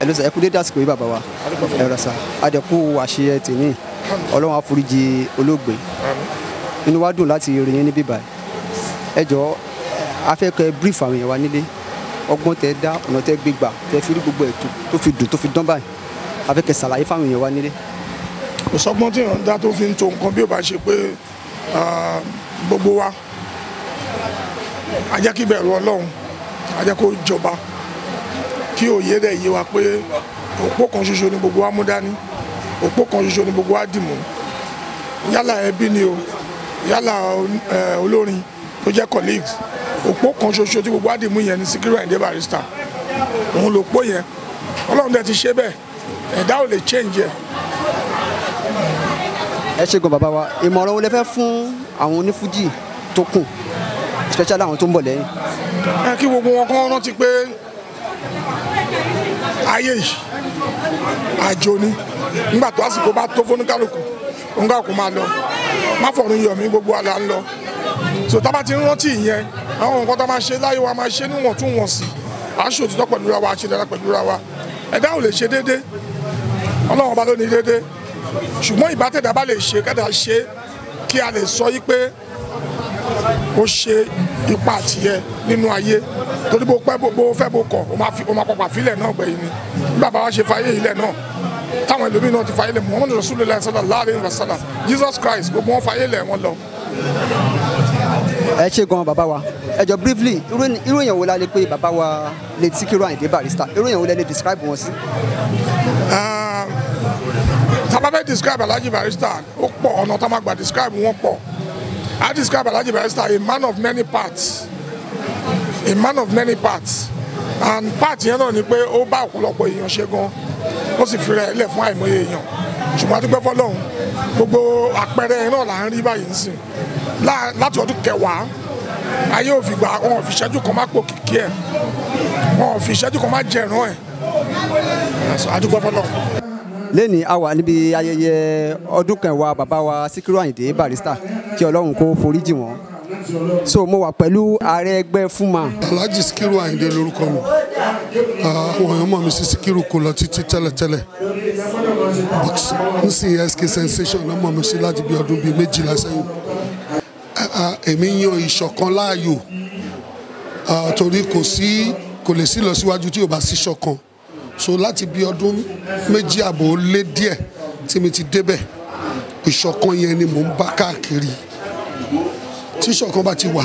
ẹnu sẹ ẹkú dédé àsìkò yìí bàbá wa ẹrọ sà àdẹkù àṣeyẹ tèmi Ọlọ́run àforíjì olóògbé inú wa dùn láti rìn yín níbí báyìí ẹ jọ afẹ́kẹ́ brief àwọn èèyàn wa nílé ọgbọ́n tẹ dá ọ̀nà tẹ gbé gbà tẹ fi rí gbogbo ẹ̀ tó fi dùn tó fi dán báyìí afẹ́kẹ́ ṣàlàyé fáwọn èèyàn wa nílé. kò sọgbọ́n tí èèyàn ń dá tó fi ń to nǹkan bí ó bá ṣe pé gbogbo wa a jẹ́ kí bẹ̀rù ọlọ́run a jẹ́ kó jọba kí òye rẹ̀ yé wa pé òpó kan ṣoṣo ni gbogbo wa mú dání òpó kan ṣoṣo ni gbogbo wa dì yálà ẹbí ni o yálà olórin tó jẹ́ colleagues òpó kan ṣoṣo tí gbogbo wa dì mú yẹn ni Sikiru Ayinde Barrister òun lòpó yẹn ọlọ́run dẹ̀ ti ṣe bẹ́ẹ̀ ẹ̀dá ò lè change yẹn ẹ ṣe gan bàbá wa ìmọ̀ràn wo lẹ fẹ́ fún àwọn onífújì tó kù especially àwọn tó ń bọ̀ lẹ́yìn. ẹ kí gbogbo wọn kọ́ rántí pé ayé yìí àjò ni nígbà tó àsìkò bá tó fónúkálùkù òǹkàkùn máa lọ má fọ̀rùn yọ̀ mí gbogbo àlà ń lọ so tá a bá ti ń rántí ìyẹn àwọn nǹkan tá a máa ṣe láyé wa máa ṣe níwọ̀ntúnwọ̀nsì à ń ṣòtítọ́ pẹ̀lú ra wa àṣẹ dára pẹ̀lú ra wa ẹ̀dá ò lè ṣe déédéé ọlọ́run ọba ló ní déédéé ṣùgbọ́n ìbátẹ̀dá bá lè ṣe kẹ́dà ṣe kí a lè sọ yí pé ó ṣe ipa àtìyẹ nínú ayé torí bó pẹ́ bó fẹ́ bó kọ̀ ó máa pọ̀pà fílẹ̀ náà gbẹ̀yìn ni bàbá wa ṣe fàyè ilẹ̀ náà táwọn ẹlòmíín náà ti fàyè lẹ̀ Muhammadu Rasulullah sallallahu alaihi wasallam Jesus Christ gbogbo wọn fàyè lẹ̀ wọn lọ. ẹ ṣe gan bàbá wa ẹ jọ briefly irú èèyàn wo la lè pe bàbá wa Late Sikiru Ayinde Barrister irú èèyàn wo la lè describe wọn sí tábà describe Alhaji Barrister ó pọ̀ ọ̀nà tá describe wọn pọ̀ I describe Alhaji barista, a man of many parts a man of many parts and part yẹn náà ni pé ó bá ọ̀pọ̀lọpọ̀ èèyàn ṣe gan ó sì fi rẹ̀ lẹ̀ fún àìmọye èèyàn ṣùgbọ́n a dúpẹ́ fọlọ́run gbogbo àpẹẹrẹ náà là ń rí báyìí nísìn láti ọdún kẹwàá ayé ò fi gbà wọn ò fi ìṣẹ́jú kan má pò kìkì ẹ̀ wọn ò fi ìṣẹ́jú kan má jẹ̀ràn ẹ̀ a dúpẹ́ lẹ́ni a wà níbi ayẹyẹ ọdún kan wa bàbá wa Síkírù Àyìndé Barrister kí Ọlọ́run kó foríjì wọn so mo wà pẹ̀lú ààrẹ ẹgbẹ́ Fúnma. Alhaji Síkírù Àyìndé lórúkọ mi àwọn èèyàn mọ̀ mi sí Síkírù kò lọ títí tẹ́lẹ̀tẹ́lẹ̀ but n sì SK sensation náà mọ̀ mi sí láti bí ọdún bíi méjìlá sẹ́yìn èmi yan ìṣọ̀kan láàyò torí kò sí kò lè sí ìlọsíwájú tí ò bá sí ṣọ̀kan so láti bí ọdún méjì àbọ̀ lé díẹ̀ tí mi ti débẹ̀ ìṣọ̀kan yẹn ni mò ń bá káàkiri tí ìṣọ̀kan bá ti wà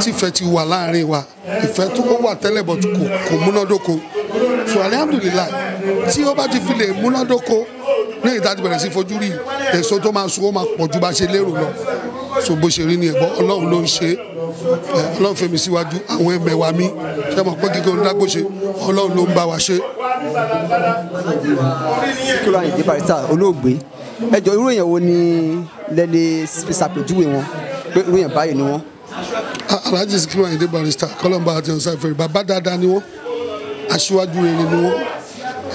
tífẹ́ ti wà láàrin wa ìfẹ́ tó kó wà tẹ́lẹ̀ bọ̀ kò kò múnádóko so alihamudulilayi tí ó bá ti fi lè múnádóko ní ìta ti bẹ̀rẹ̀ sí fojú rí èso tó máa sun ó máa pọ̀ ju bá ṣe lérò lọ so bó ṣe rí ni ẹ̀gbọ́n ọlọ́run ló ń ṣe é ọlọ́run fèmí síwájú àwọn ẹ̀mẹ̀wà mi ṣé mo pé gígé onídàgbòṣe ọlọ́run ló ń bá wa ṣe. kíló àyìndé barista olóògbé ẹjọ irú èèyàn wo ni lẹ́lẹ́ fi ṣàpèjúwe wọn pé irú èèyàn báyìí ni wọn. alhaji sikiru àyìndé barista kọlọmba àti ọsàn ìfẹrẹ bàbá dáadáa ni wọn aṣíwájú rere ni wọn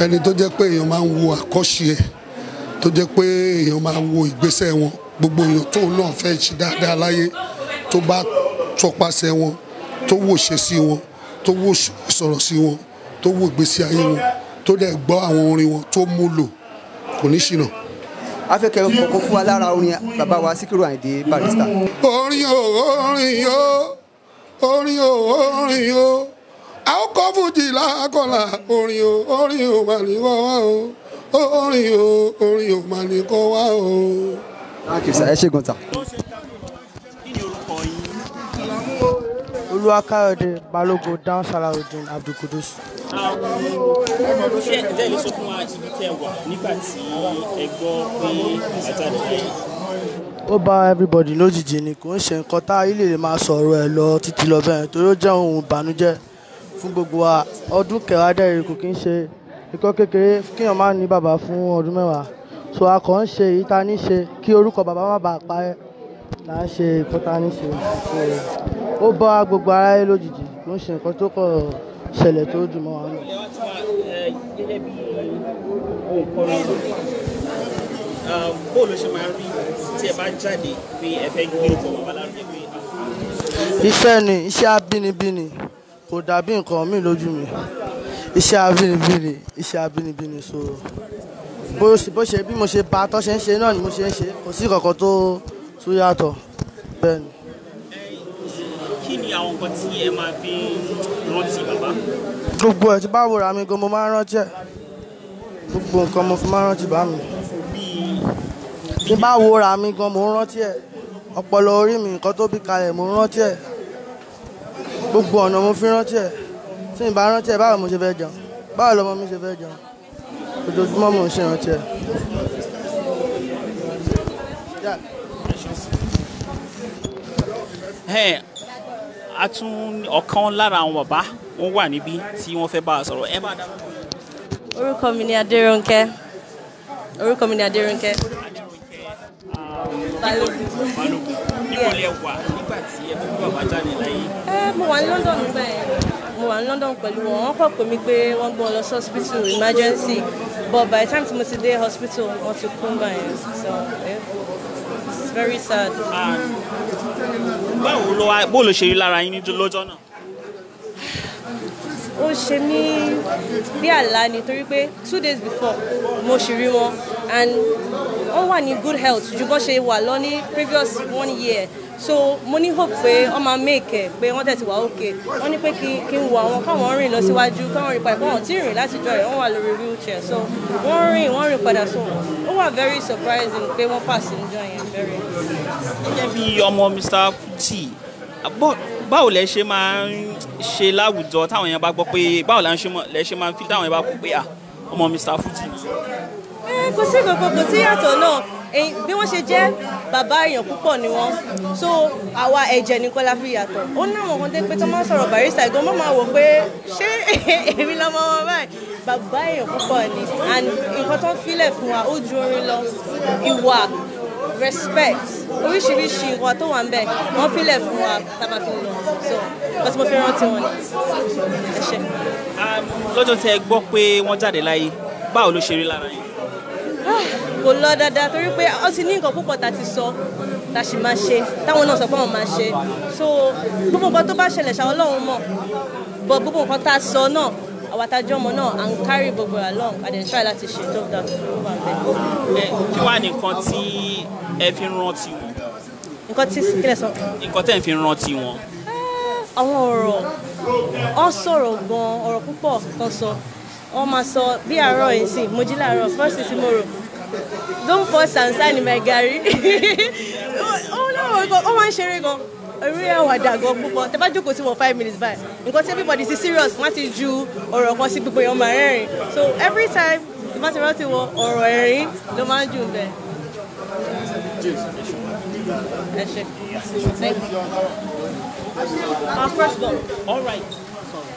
ẹni tó jẹ́ pé èèyàn máa ń wo àkọ́ṣe ẹ̀ tó jẹ́ pé èèyàn máa ń wo ìgbésẹ̀ wọn gbogbo èèyàn tóun náà fẹ́ ṣe dáadáa láyé tó bá tọpasẹ̀ wọn tó wò ṣe sí wọn tó wò sọ̀rọ̀ sí wọn tó wò ìgbésí ayé wọn tó dẹ̀ gbọ́ àwọn orin wọn tó mú lò kò ní ṣìnà. afẹ́kẹ́ kọ̀ọ̀kan fún wa lára orin bàbá wa Síkírù Àyìndé Barrister. orin o orin o orin o orin o a ó kọ́ fújì lákọ̀lá orin o orin o mà ní kọ́ wá o orin o orin o mà ní kọ́ wá o. ẹ ṣe gan ta olúwakáyọ̀dé balógun dan salaudeen abdulkudus. ṣé ẹ̀jẹ̀ lè sọ fún wa ibi tẹ́ wà nígbà tí ẹ gbọ́ pé àjálù yẹn. ó bá everybody lójijì ni kò ń ṣe nǹkan tá ilé lè máa sọ̀rọ̀ ẹ̀ lọ títí lọ bẹ́ẹ̀ torí ó jẹ́ ohun ìbànújẹ́ fún gbogbo wa ọdún kẹwàá dẹ́rẹ́ kò kí ń ṣe ikọ́ kékeré kíyàn má ní bàbá fún ọdún mẹ́wàá so a kàn ń ṣe èyí tá a ní ṣe kí orúkọ bàbá má bàa pa ẹ́ là ń ṣe ìkọ́ta ní ṣe ó bá gbogbo aráyé lójijì ló ń ṣe nǹkan tó kọ̀ ṣẹlẹ̀ tó dùn mọ́ wa náà. gẹ́gẹ́ bí òǹkọrin bóòlù ṣe máa rí tí ẹ bá jáde pé ẹ fẹ́ gbé orúkọ babaláwo pé. iṣẹ́ ni iṣẹ́ abínibí ni kò dàbí nǹkan míì lójú mi iṣẹ́ abínibí ni iṣẹ́ abínibí ni so bó ṣe bí mo ṣe bá tọ́ ṣe ń ṣe náà ni mo ṣe ń ṣe kò sí kankan tó tó yàtọ̀ bẹ́ẹ̀ ni àwọn nǹkan tí ẹ máa fi rántí bàbá. gbogbo ẹ̀ tí bá wo ra mi gan mo máa ń rántí ẹ̀ gbogbo nǹkan mo fi máa ń rántí bá mi. tí bá wo ra mi gan mo ń rántí ẹ̀ ọpọlọ orí mi nǹkan tó bí kalẹ̀ mo ń rántí ẹ̀ gbogbo ọ̀nà mo fi rántí ẹ̀ tí n bá rántí ẹ̀ báwo mo ṣe fẹ́ jẹun báwo lọmọ mi ṣe fẹ́ jẹun ojoojúmọ́ mo ń ṣe rántí ẹ̀. Yeah a tún ọ̀kan lára àwọn bàbá wọn wà níbí tí wọ́n fẹ́ bá a sọ̀rọ̀ ẹ bá a dábàá. orúkọ mi ni Adérónkẹ́ orúkọ mi ni Adérónkẹ́. Um, níbo lẹ wà nígbà tí ẹ bá bàbá jáde láyé. ẹ mo wà ní London nígbà yẹn mo wà ní London pẹ̀lú wọn wọ́n kọ̀ pé mi pé wọ́n gbọ́ lọ sí hospital emergency but by the time tí mo ti dé hospital wọ́n ti kú báyẹn so. Eh very sad. báwo ló wá bó ló ṣe rí lára yín lọ́jọ́ náà. ó ṣe mí bí àlá ni torí pé two days before mo ṣì rí wọn and ó wà ní good health ju bó ṣe wà lọ ní previous one year so mo ní hope pé wọ́n máa make ẹ̀ pé wọ́n tẹ̀sí wá okay wọ́n ní pé kí n wo àwọn káwọn rìn lọ síwájú káwọn rìn padà káwọn tí ì rìn láti jọ ẹ̀ wọ́n wà lórí wheelchair so wọ́n rìn wọ́n rìn padà sóhun wà very surprising pé wọ́n pass níjọ́ yẹn bẹ̀rẹ̀. gẹ́gẹ́ bí ọmọ Mr Fuji báwo lẹ ṣe máa ń ṣe láwùjọ táwọn èèyàn bá gbọ́ pé báwo lẹ ṣe máa ń fi táwọn èèyàn bá kó pé ah, ọmọ Mr Fuji. ẹ eh, kò sí kankan kò sí yàtọ̀ náà bí wọ́n ṣe jẹ́ bàbá èèyàn púpọ̀ ni wọ́n so àwa ẹ̀jẹ̀ nìkan la fi yàtọ̀ ó ní àwọn kan dé pé tó máa ń sọ̀rọ̀ barista ìgbọ́n mọ́ máa wò pé ṣé èmi lọ́mọ wọn báyìí bàbá èèyàn púpọ̀ ni and nǹkan tó ń filẹ̀ fún wa ó ju orin lọ ìwà respect oríṣiríṣi nǹkan tó wà ń bẹ wọ́n filẹ̀ fún wa tábà fi lọ so wọ́n ti mo fi rántí wọn ni ẹ ṣe. Um, lọ́jọ́ tí ẹ gbọ́ pé wọ́n jáde láyé báwo ló ṣe rí lára yín kò lọ dáadáa torí pé ó ti ní nǹkan púpọ̀ tá a ti sọ tá a sì máa ṣe táwọn náà sọ pé àwọn máa ṣe so gbogbo nǹkan tó bá ṣẹlẹ̀ ṣàwọn Ọlọ́run mọ̀ but gbogbo nǹkan tá a sọ náà àwa tá náà à ń carry gbogbo along and then try láti ṣe tó dáa tó wà bẹ́ẹ̀. kí wàá ní nǹkan tí ẹ fi rántí wọn. nǹkan tí kílẹ̀ sọ. nǹkan tẹ́ ẹ fi rántí wọn. Ah, àwọn ọ̀rọ̀ ọ̀ sọ̀rọ̀ gan-an ọ̀rọ̀ púpọ̀ kan sọ. So wọ́n máa sọ bí àárọ̀ yìí sí mo jí láàárọ̀ first is tomorrow don't force and sign my garri ó máa ń ṣeré gan orí àwàdà gan púpọ̀ tẹ bá jókòó sí wọn five minutes báyìí nǹkan tí everybody is serious wọ́n ti ju ọ̀rọ̀ kan sí gbogbo èèyàn máa rẹ́rìn so every time tí bá ti rántí wọn ọ̀rọ̀ ẹ̀rín ló máa ń jù bẹ́ẹ̀. ẹ thank you. our first ball. all right. Sorry.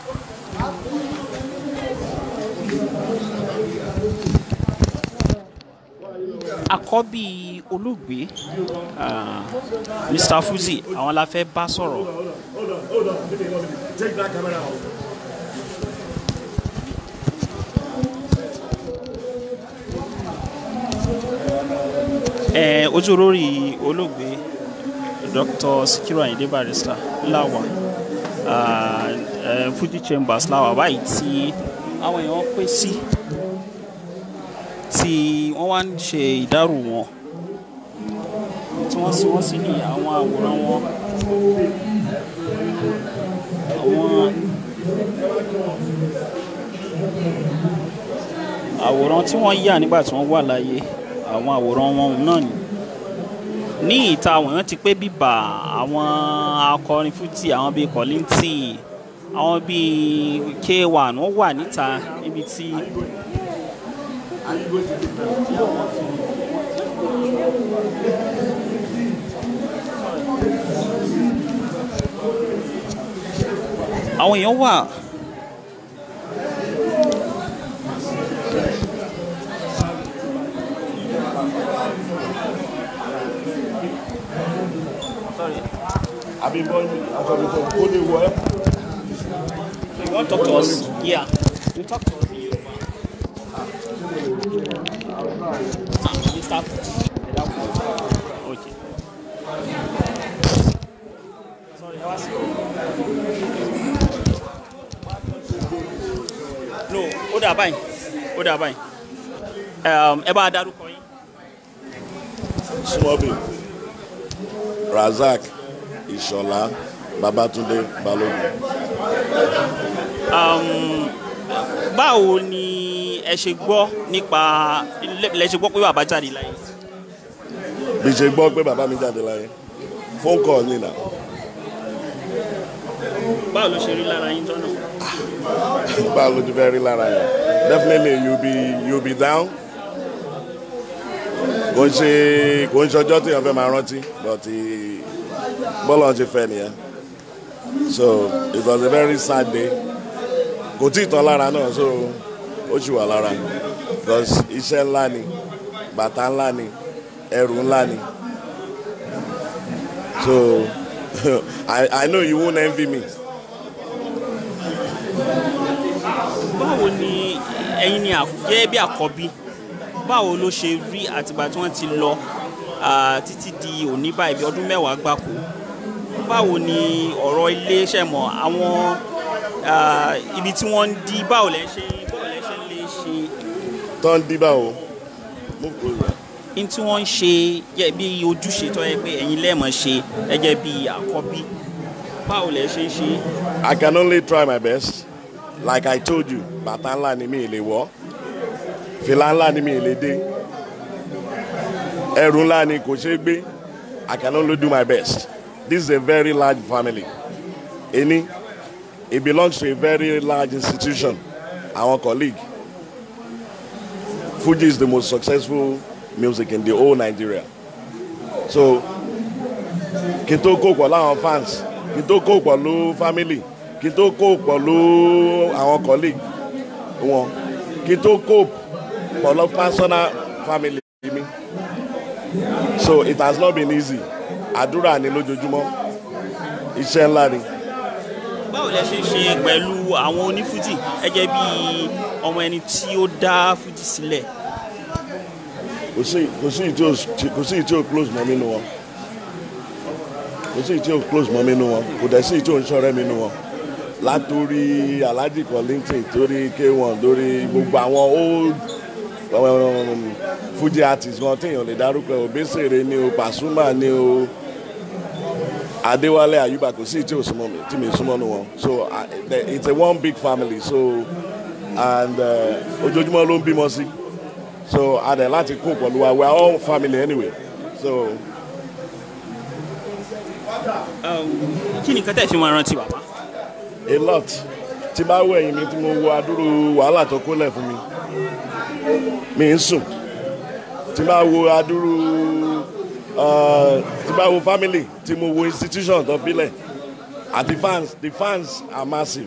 àkọ́bí olóògbé Mr. Fuzi àwọn la fẹ́ bá sọ̀rọ̀. ẹ ojú olórí olóògbé Dr. Sikiru Ayinde Barrister láwà Fuji Chambers láwà báyìí tí àwọn èèyàn pè sí. Si tí wọ́n wá ń ṣe ìdárò wọn tí wọ́n sì wọ́n sì ní àwọn àwòrán wọn àwọn àwòrán tí wọ́n yà nígbà tí wọ́n wà láyé àwọn àwòrán wọn náà ni ní ìta àwòrán ti pé bíbà àwọn akọrin fújì àwọn bíi Kollington àwọn bíi K1 wọ́n wà níta níbi tí Are you going to do that? Àwọn èèyàn wà to. bọ́ọ̀lù àtọ̀bìtọ̀ kó lè wọ ẹ́. You want to talk to us? Yeah. You talk to us. start. No, ó dà báyìí, ó dà báyìí. Um, ẹ bá a dárúkọ yín. Sumobi, Razak, Ishola Babátúndé, Balógun. Um, báwo ni ẹ ṣe gbọ́ nípa lẹ ṣe gbọ́ pé bàbá jáde láyé. bí ṣe gbọ́ pé bàbá mi jáde láyé phone call ni na. báwo ló ṣe rí lára yín tọ́nà. báwo ló ti fẹ́ rí lára yín definitely you be you be down kò ń ṣe kò ń ṣọjọ́ tí èèyàn fẹ́ máa rántí but eh, bọ́ọ̀lù ọ̀hún ṣe fẹ́ nìyẹn so it was a very sad day kò tí ì tán lára náà so ó sì wà lára because iṣẹ́ ńlá ni bàtà ńlá ni ẹrù ńlá ni so I, I know you won't envy me. báwo ni ẹ̀yin ni gẹ́gẹ́ bí àkọ́bí báwo ló ṣe rí àtìgbà tí wọ́n ti lọ títí di òní báyìí bí ọdún mẹ́wàá gbáko báwo ni ọ̀rọ̀ ilé ṣẹ̀mọ̀ àwọn ibi tí wọ́n ń dí báwo lẹ́ ṣe ń tán dín báwo mo n tí wọ́n ń ṣe jẹ́ bí ojúṣe tó yẹ pé ẹ̀yin lẹ́ẹ̀mọ̀ ṣe ẹ jẹ́ bí àkọ́bí báwo lẹ ṣe ń ṣe. I can only try my best like I told you bàtà ńlá ni mi lè wọ̀ fìlà ńlá ni mi lè dé ẹrù ńlá ni kò ṣeé gbé I can only do my best this is a very large family eni it belongs to a very large institution Our colleague Fuji is the most successful music in the whole Nigeria. So kito n tó kó fans kito n tó kó family kito n tó kó pọ̀ ló àwọn colleague wọn kí n personal family So it has not been easy. Àdúrà ni lójoojúmọ́. Iṣẹ́ ńlá ni báwo lẹ ṣe ṣe pẹ̀lú àwọn onífújì gẹ́gẹ́ bí ọmọ ẹni tí ó dá fújì sílẹ̀. kò sí ìyí tí close mọ́ mi nínú wọn kò sí ìyí tí close mọ́ mi nínú wọn kò dẹ̀ sí ìyí tí ó ń ṣọ́rẹ́ mi nínú wọn látòrí alhaji Kollington torí k1 lórí gbogbo àwọn old um, fújì artist wọn téèyàn lè dárúkọ Obesere ni o Pasuma ni o. Adéwálé Ayuba kò sí tí ò súnmọ́ mi tí mi súnmọ́ nu wọn so uh, it's a one big family so and uh, ojoojúmọ́ ló ń bímọ sí so adẹ láti kó pẹ̀lú wa we are all family anyway so. Um, kí ni kẹ́tẹ́ fi máa rántí bàbá. a lot tí bá wọ ẹ̀yìn mi tí mo wo adúrú wàhálà tó kólẹ̀ fún mi mi ń sùn tí bá wo adúrú. Eh, tí bá wo family tí mo wo institution tó filẹ̀ àti fans the fans are massive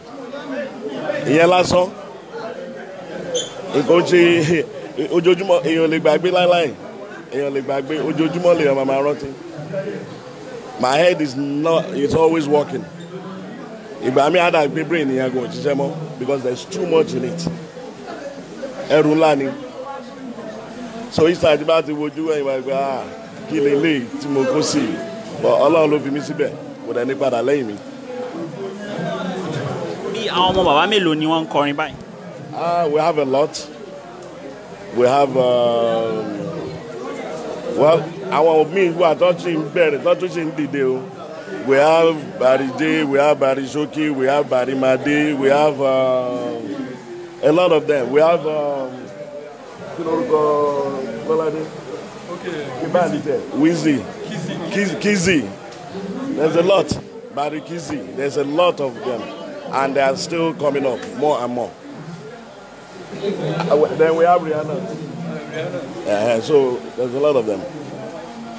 ìyẹn lásán nǹkan ṣe ojoojúmọ́ èèyàn lè gbàgbé láíláí èèyàn lè gbàgbé ojoojúmọ́ lèèyàn máa máa rántí my head is not it's always working ìgbà mi àdá gbé brain yẹn kò ṣiṣẹ́ mọ́ because there is too much in it ẹrù ńlá ni so ìsàdí bá ti wojú ẹ̀yìn bá gbé ah kí leléyìí tí mo kó sí i ọlọ́run ló fi mí síbẹ̀ kò dẹ́ni padà lẹ́yìn mi. bí àwọn ọmọ bàbá mélòó ni wọ́n ń kọrin báyìí. ah we have a lot we have um, well àwọn míì wà tó ṣì ń bẹ̀rẹ̀ tó ṣì ń dìde o we have Baride we have Barisoke we have Barimade we have uh, a lot of them we have. Um, kí lórúkọ Bọ́ládé. Kibalite, Wizzy, Kizzy. There's a lot. Barry Kizzy. There's a lot of them. And they are still coming up more and more. Uh, then we have Rihanna. Uh, uh-huh, Rihanna. so there's a lot of them.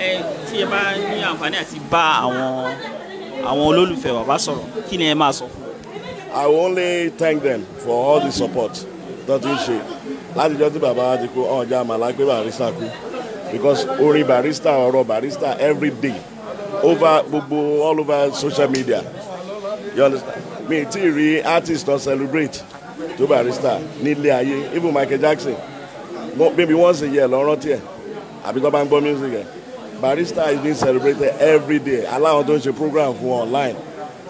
tí ẹ bá ní àǹfààní àti bá àwọn àwọn olólùfẹ́ bàbá sọ̀rọ̀ kí ni ẹ máa sọ fún I will only thank them for all the support that ti ń láti jọ́ tí bàbá ti kú ọ̀ọ́jà màlá pé bàbá sáà kú because Ori barista ọ̀rọ̀ barista every day over gbogbo all over social media you understand Me, ti rí artist don celebrate tó barista nílé ayé even Michael Jackson maybe once a year lọ́rọ́ tiẹ̀ àbí tó bá ń gbọ́ music ẹ̀ barista is being celebrated every day aláwọn tó ń ṣe program fún online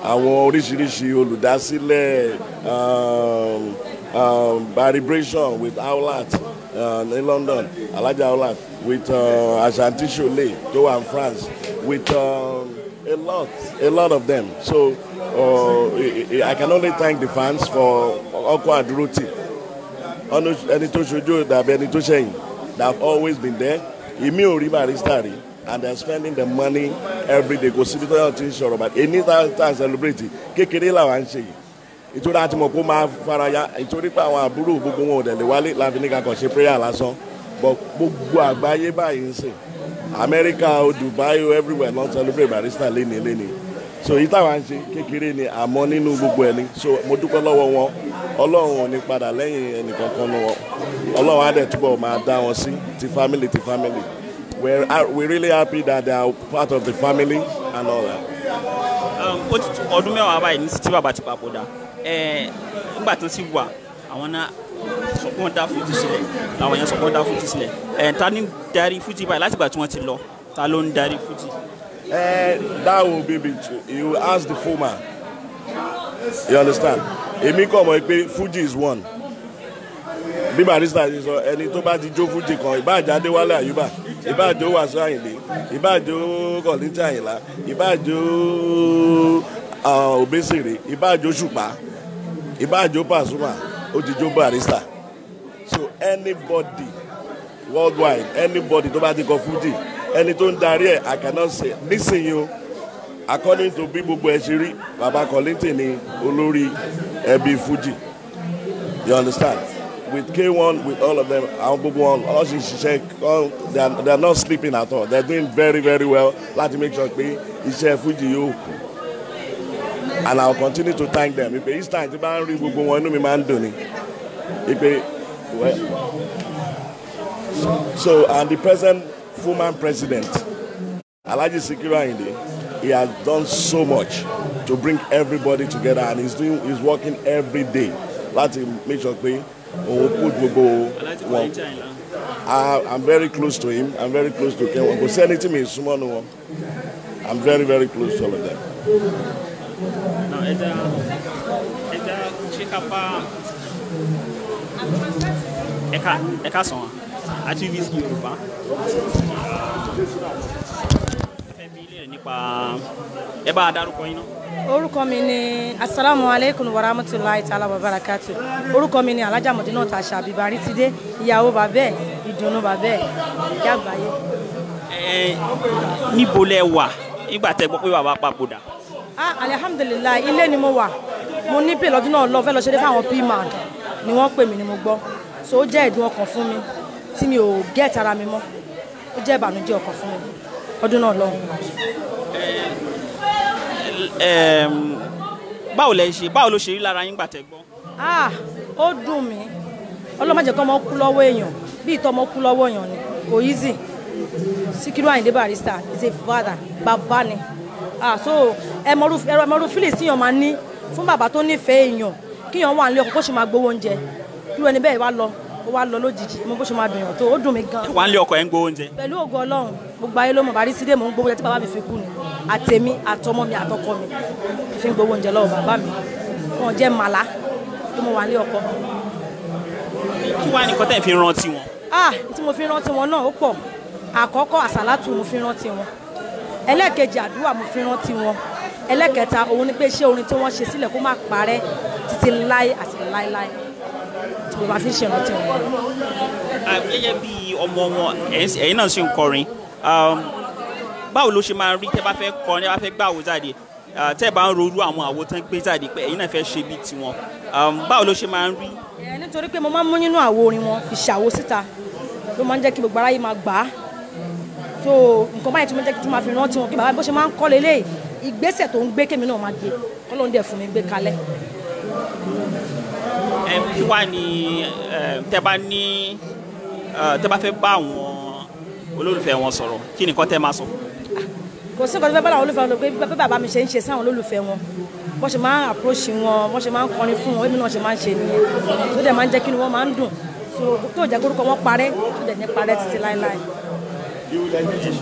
àwọn oríṣiríṣi olùdásílẹ̀ um, um, vibration with outlet uh, in London Alhaja outlet with uh, Ashanti Chole tó and in France with um, a lot a lot of them so uh, I can only thank the fans for ọkọ àdúró tì ẹni tó ṣojú dàbí ẹni tó ṣẹ̀yìn they have always been there èmi ò rí and they're spending the money every day Go see the yàn ti ń sọ̀rọ̀ but èyí tá à ń celebrate kékeré làwọn ń ṣe yìí ìtura àti mọ̀ kó máa fara ya ìtorí pé àwọn àbúrò gbogbo wọn ò prayer lásán gbogbo àgbáyé báyìí ń sìn Amẹ́ríkà Dubai everywhere lọ́n celebrate barista léni léni so yìí táwọn ṣe kékeré ni àmọ́ nínú gbogbo ẹni so mo dúpẹ́ lọ́wọ́ wọn Ọlọ́run ò ní padà lẹ́yìn ẹnìkankan nu wọn Ọlọ́run á dẹ̀ túbọ̀ máa dá wọn sí ti family ti family we we're really happy that they are part of the family and all that. Um, ó ti ọdún mẹ́wàá báyìí ní tí bàbá ti papòdà nígbà tó ti wà àwọn náà sọ pé wọ́n dá fújì sílẹ̀ làwọn yẹn sọ pé wọ́n dá fújì sílẹ̀ ẹ̀ ta ni darí fújì báyìí látìgbà tí wọ́n ti lọ ta ló ń darí fújì. ẹ that will be be you ask the former you understand èmi kò mọ̀ pé fújì is one bí barista ṣe sọ ẹni tó bá ti jó fújì kan ìbáàjá adéwálé àyùbá ìbáàjó wàsó àyìnlé ìbáàjó kọ̀lìntì àyìnlá ìbáàjó òbésèrè ah, ìbáàjó ṣùpá ìbáàjó pàṣùmà. O ti jó barista so anybody worldwide anybody tó bá ti kọ fújì ẹni tó ń darí ẹ̀ I cannot say missing you. according to bí gbogbo ẹ ṣe rí baba Kollington ni olórí ẹbí fújì you understand with K1 with all of them àwọn gbogbo wọn ọlọ́sìn all they are not sleeping at all they are doing very very well láti make sure pé iṣẹ́ fújì yóò kù and I will continue to thank them ìpè each time tí bá ń rí gbogbo wọn inú mi máa ń dùn ni ìpè well so and the present former president Alhaji Sikiru Ayinde he has done so much to bring everybody together and he's doing he's working every day láti make sure pé òun kú gbogbo wọn I'm very close to him I'm very close to Kenwa kò sẹ́ni tí mi súnmọ́ nu wọn I'm very very close to all of them ẹja ẹja ṣíkápá ẹka ẹka sàn wa àti wíṣí yorùbá nípa ẹ bá a dárúkọ yín náà. orúkọ mi ni asalaamu aleykum wa rahmatulahi ta'ala wa barakatu orúkọ mi ni alájà mọ̀dínà tàṣà àbíbarí ti dé ìyàwó bàbẹ́ ìdùnnú bàbẹ́ ìyá àgbáyé. ẹ níbo lẹ wà nígbà tẹ gbọ́ pé bàbá papòdà ah alihamdulilayi ilé ni mo wà mo ní pè lọ́dún náà lọ fẹ́ lọ ṣe dé fáwọn pman ni wọ́n pè mí ni mo gbọ́ so ó jẹ́ ìdùn ọkàn fún mi tí mi ò gẹ́ẹ̀tì ara mi mọ́ ó jẹ́ ìbànújẹ́ ọkàn fún mi ọdún náà lọ. báwo lẹ ṣe báwo ló ṣe rí lára yín gbàtẹ́ gbọ́. ah ó dùn mí ọlọ́mọdé kan mọ́ kú lọ́wọ́ èèyàn bí ìtọ́ mọ́ kú lọ́wọ́ èèyàn ni kò easy Síkírù Àyìndé Barrister is a father bàbá ni Ah, so ẹ mọ̀rú ẹ mọ̀rú feelings tí yàn máa ní fún bàbá tó nífẹ̀ẹ́ èèyàn kí yàn wà nílé ọkọ kó ṣe máa gbowó oúnjẹ irú ẹni bẹ́ẹ̀ wá lọ ó wá lọ lójijì mo bó ṣe máa dùn yàn tó ó dùn mí gan. wà nílé ọkọ ẹ ń gbowó oúnjẹ. pẹ̀lú ògo ọlọ́run gbogbo ayé ló mọ̀ bá rí sídé mò ń gbowó oúnjẹ tí bàbá mi fi kú ni àtèmi àtọmọ mi àtọkọ mi fi ń gbowó oúnjẹ lọ́wọ́ bàbá mi wọn jẹ́ màlá tó ah, mo wà ẹlẹ́ẹ̀kejì àdúrà mo fi rántí wọn ẹlẹ́ẹ̀kẹta òun ni pé ṣé orin tí wọ́n ṣe sílẹ̀ kó má parẹ́ títí láé àti láéláé tí mo bá fi ń ṣèrántí wọn. Ah, gẹ́gẹ́ bí ọmọ wọn ẹ̀yin náà ṣe ń kọrin um, báwo ló ṣe máa rí tẹ́ bá fẹ́ kọrin tẹ́ bá fẹ́ gbàwó jáde ah, tẹ́ bá ń rorú àwọn àwo tán gbé jáde pé ẹ̀yin náà fẹ́ ṣe bíi tiwọn um, báwo ló ṣe máa rí. Eh, nítorí pé mo máa ń mú nínú àwo orin wọn fi ṣàwo síta ló máa ń jẹ́ kí gbogbo aráyé máa gbà á so nǹkan báyìí tí mo jẹ́ kí tí mo fi rántí wọn kí bàbá bó ṣe máa ń kọ́ lélẹ̀ ìgbésẹ̀ tó ń gbé kémi náà máa gbé kọ́lọ́n dẹ̀ fún mi gbé kalẹ̀. ẹ kí wàá ní tẹ bá ní tẹ bá fẹ́ bá àwọn olólùfẹ́ wọn sọ̀rọ̀ kí nìkan tẹ máa sọ. kò sí nǹkan tó fẹ́ bá àwọn olólùfẹ́ wọn pé bí bàbá mi ṣe ń ṣe sáwọn olólùfẹ́ wọn bó ṣe máa ń approach wọn bó ṣe máa ń kọrin fún wọn èmi náà ṣe máa ń ṣe nìyẹn tó dẹ̀ máa ń jẹ́ kí ni wọ́n máa ń dùn tó jẹ́ kórúkọ wọn parẹ́ tó dẹ̀ ní parẹ́ títí láéláé. Юлия Ильич.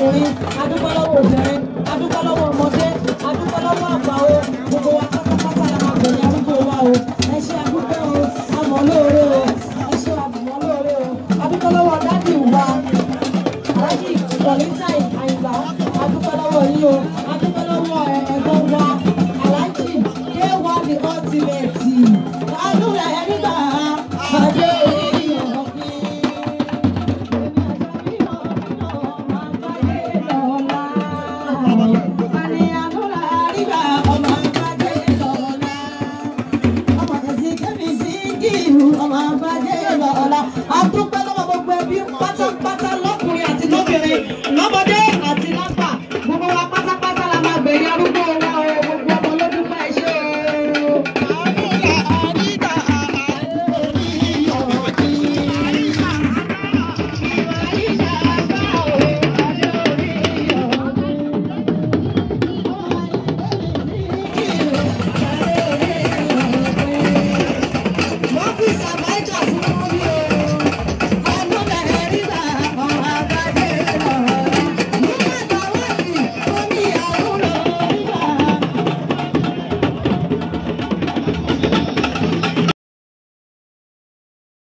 ọkùnrin adúpẹ́ lọ́wọ́ obìnrin adúpẹ́ lọ́wọ́ ọmọdé adúpẹ́ lọ́wọ́ àgbà o.